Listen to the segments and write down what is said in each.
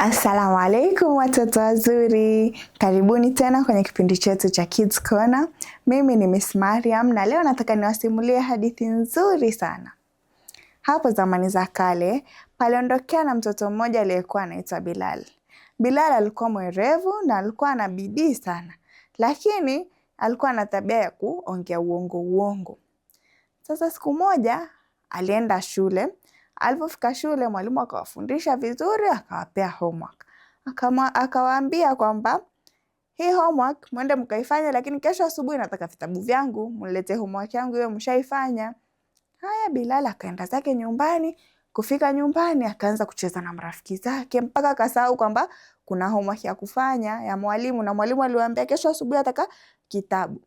Assalamu alaikum watoto wazuri, karibuni tena kwenye kipindi chetu cha Kids Corner. Mimi ni Miss Mariam na leo nataka niwasimulie hadithi nzuri sana. Hapo zamani za kale paliondokea na mtoto mmoja aliyekuwa anaitwa Bilal. Bilal alikuwa mwerevu na alikuwa ana bidii sana, lakini alikuwa na tabia ya kuongea uongo uongo. Sasa siku moja alienda shule Alipofika shule, mwalimu akawafundisha vizuri, akawapea homework, akawaambia kwamba hii homework mwende mkaifanya, lakini kesho asubuhi nataka vitabu vyangu, mlete homework yangu hiyo mshaifanya. Haya, Bilal akaenda zake nyumbani. Kufika nyumbani, akaanza kucheza na marafiki zake mpaka akasahau kwamba kuna homework ya kufanya ya mwalimu, na mwalimu aliwaambia kesho asubuhi ataka kitabu.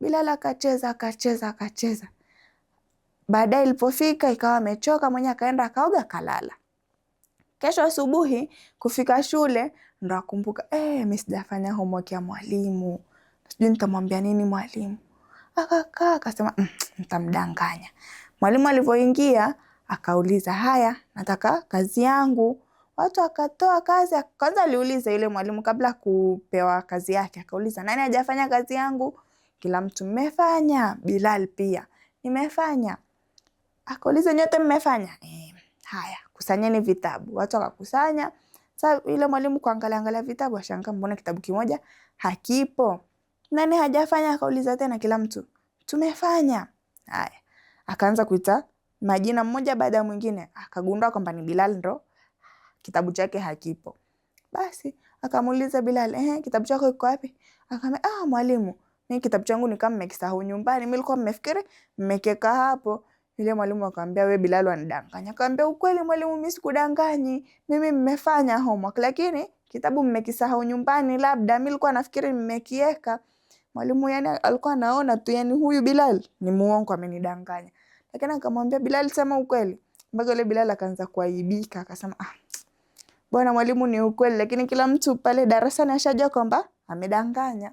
Bilal akacheza akacheza akacheza Baadaye ilipofika ikawa amechoka mwenye, akaenda akaoga, akalala. Kesho asubuhi kufika shule ndo akumbuka, eh, mimi sijafanya homework ya mwalimu, sijui nitamwambia nini mwalimu. Akakaa akasema mm, nitamdanganya. Mwalimu alivyoingia akauliza, haya, nataka kazi yangu. Watu akatoa kazi. Kwanza aliuliza yule mwalimu kabla kupewa kazi yake, akauliza nani hajafanya kazi yangu? Kila mtu mmefanya. Bilal pia nimefanya akauliza nyote mmefanya e, haya kusanyeni vitabu. Watu wakakusanya. Sasa yule mwalimu kuangalia angalia vitabu, ashangaa mbona kitabu kimoja hakipo, nani hajafanya? Akauliza tena kila mtu, tumefanya. Haya, akaanza kuita majina mmoja baada ya mwingine, akagundua kwamba ni Bilal ndo kitabu chake hakipo. Basi akamuuliza Bilal, eh, kitabu chako kiko wapi? Akamwambia, ah, mwalimu, mimi kitabu changu ni kama mmekisahau nyumbani, mimi nilikuwa mmefikiri mmekeka hapo. Yule mwalimu akamwambia, wewe Bilal anadanganya. Akamwambia, ukweli mwalimu, mimi sikudanganyi, mimi mmefanya homework, lakini kitabu mmekisahau nyumbani, labda mimi nilikuwa nafikiri mmekiweka. Mwalimu yani alikuwa anaona tu, yani huyu Bilal ni muongo, amenidanganya. Lakini akamwambia Bilal, sema ukweli. Mpaka yule Bilal akaanza kuaibika, akasema ah, bwana mwalimu, ni ukweli, lakini kila mtu pale darasani ashajua kwamba amedanganya.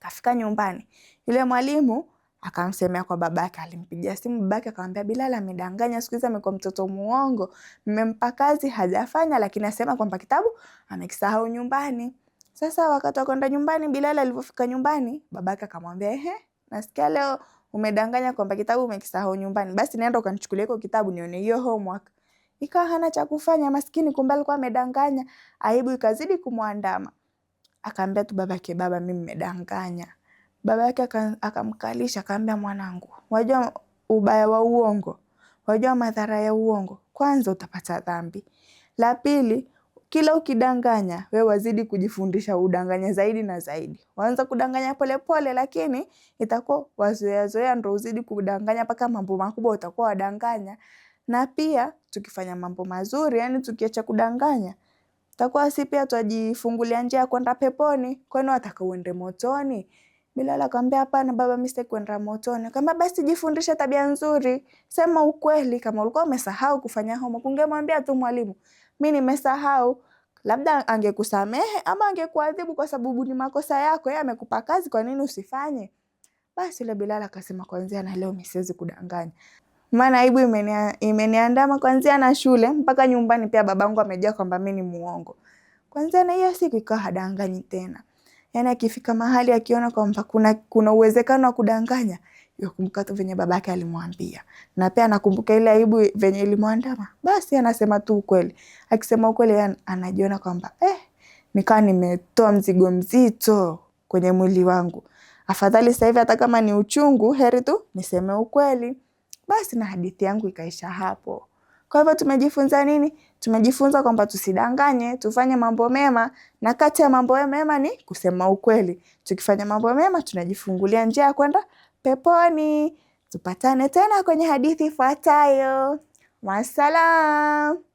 Kafika nyumbani yule mwalimu akamsemea kwa babake. Alimpigia simu babake akamwambia, Bilal amedanganya, siku hizi amekuwa mtoto muongo, mmempa kazi hajafanya, lakini asema kwamba kitabu amekisahau nyumbani. Sasa wakati wakwenda nyumbani, Bilal alivyofika nyumbani, babake akamwambia, ehe, nasikia leo umedanganya kwamba kitabu umekisahau nyumbani, basi nenda ukanichukulia hiko kitabu nione hiyo homework. Ikawa hana cha kufanya maskini, kumbe alikuwa amedanganya. Aibu ikazidi kumwandama, akaambia tu babake, baba, mimi mmedanganya Baba yake akamkalisha akaambia, mwanangu, wajua ubaya wa uongo, wajua madhara ya uongo. Kwanza utapata dhambi, la pili kila ukidanganya we wazidi kujifundisha udanganya zaidi na zaidi, waanza kudanganya polepole pole, lakini itakuwa wazoeazoea ndo uzidi kudanganya mpaka mambo makubwa utakuwa wadanganya. Na pia tukifanya mambo mazuri, yani tukiacha kudanganya, takuwa si pia twajifungulia njia ya kwenda peponi, kwani wataka uende motoni? Bilali akamwambia hapana baba, mimi sitaki kwenda motoni. Kama basi jifundishe tabia nzuri, sema ukweli. Kama ulikuwa umesahau kufanya homework, ungemwambia tu mwalimu, mimi nimesahau, labda angekusamehe ama angekuadhibu, kwa sababu ni makosa yako, yeye amekupa kazi, kwa nini usifanye? Basi yule Bilali akasema, kwanzia na leo mimi siwezi kudanganya maana aibu imeniandama imenia kwanzia na shule mpaka nyumbani. Pia babangu amejua kwamba mimi ni muongo. Kwanzia na hiyo siku ikawa hadanganyi tena yani akifika mahali akiona kwamba kuna, kuna uwezekano wa kudanganya kumbuka tu venye yake alimwambia, na pia anakumbuka ile aibu venye ilimwandama, basi anasema tu ukweli. Akisema ukweli, yaani anajiona kwamba eh, nikawa nimetoa mzigo mzito kwenye mwili wangu. Afadhali sasa hivi hata kama ni uchungu, heri tu niseme ukweli. Basi na hadithi yangu ikaisha hapo. Kwa hivyo tumejifunza nini? Tumejifunza kwamba tusidanganye, tufanye mambo mema, na kati ya mambo mema ni kusema ukweli. Tukifanya mambo mema, tunajifungulia njia ya kwenda peponi. Tupatane tena kwenye hadithi ifuatayo. Wassalam.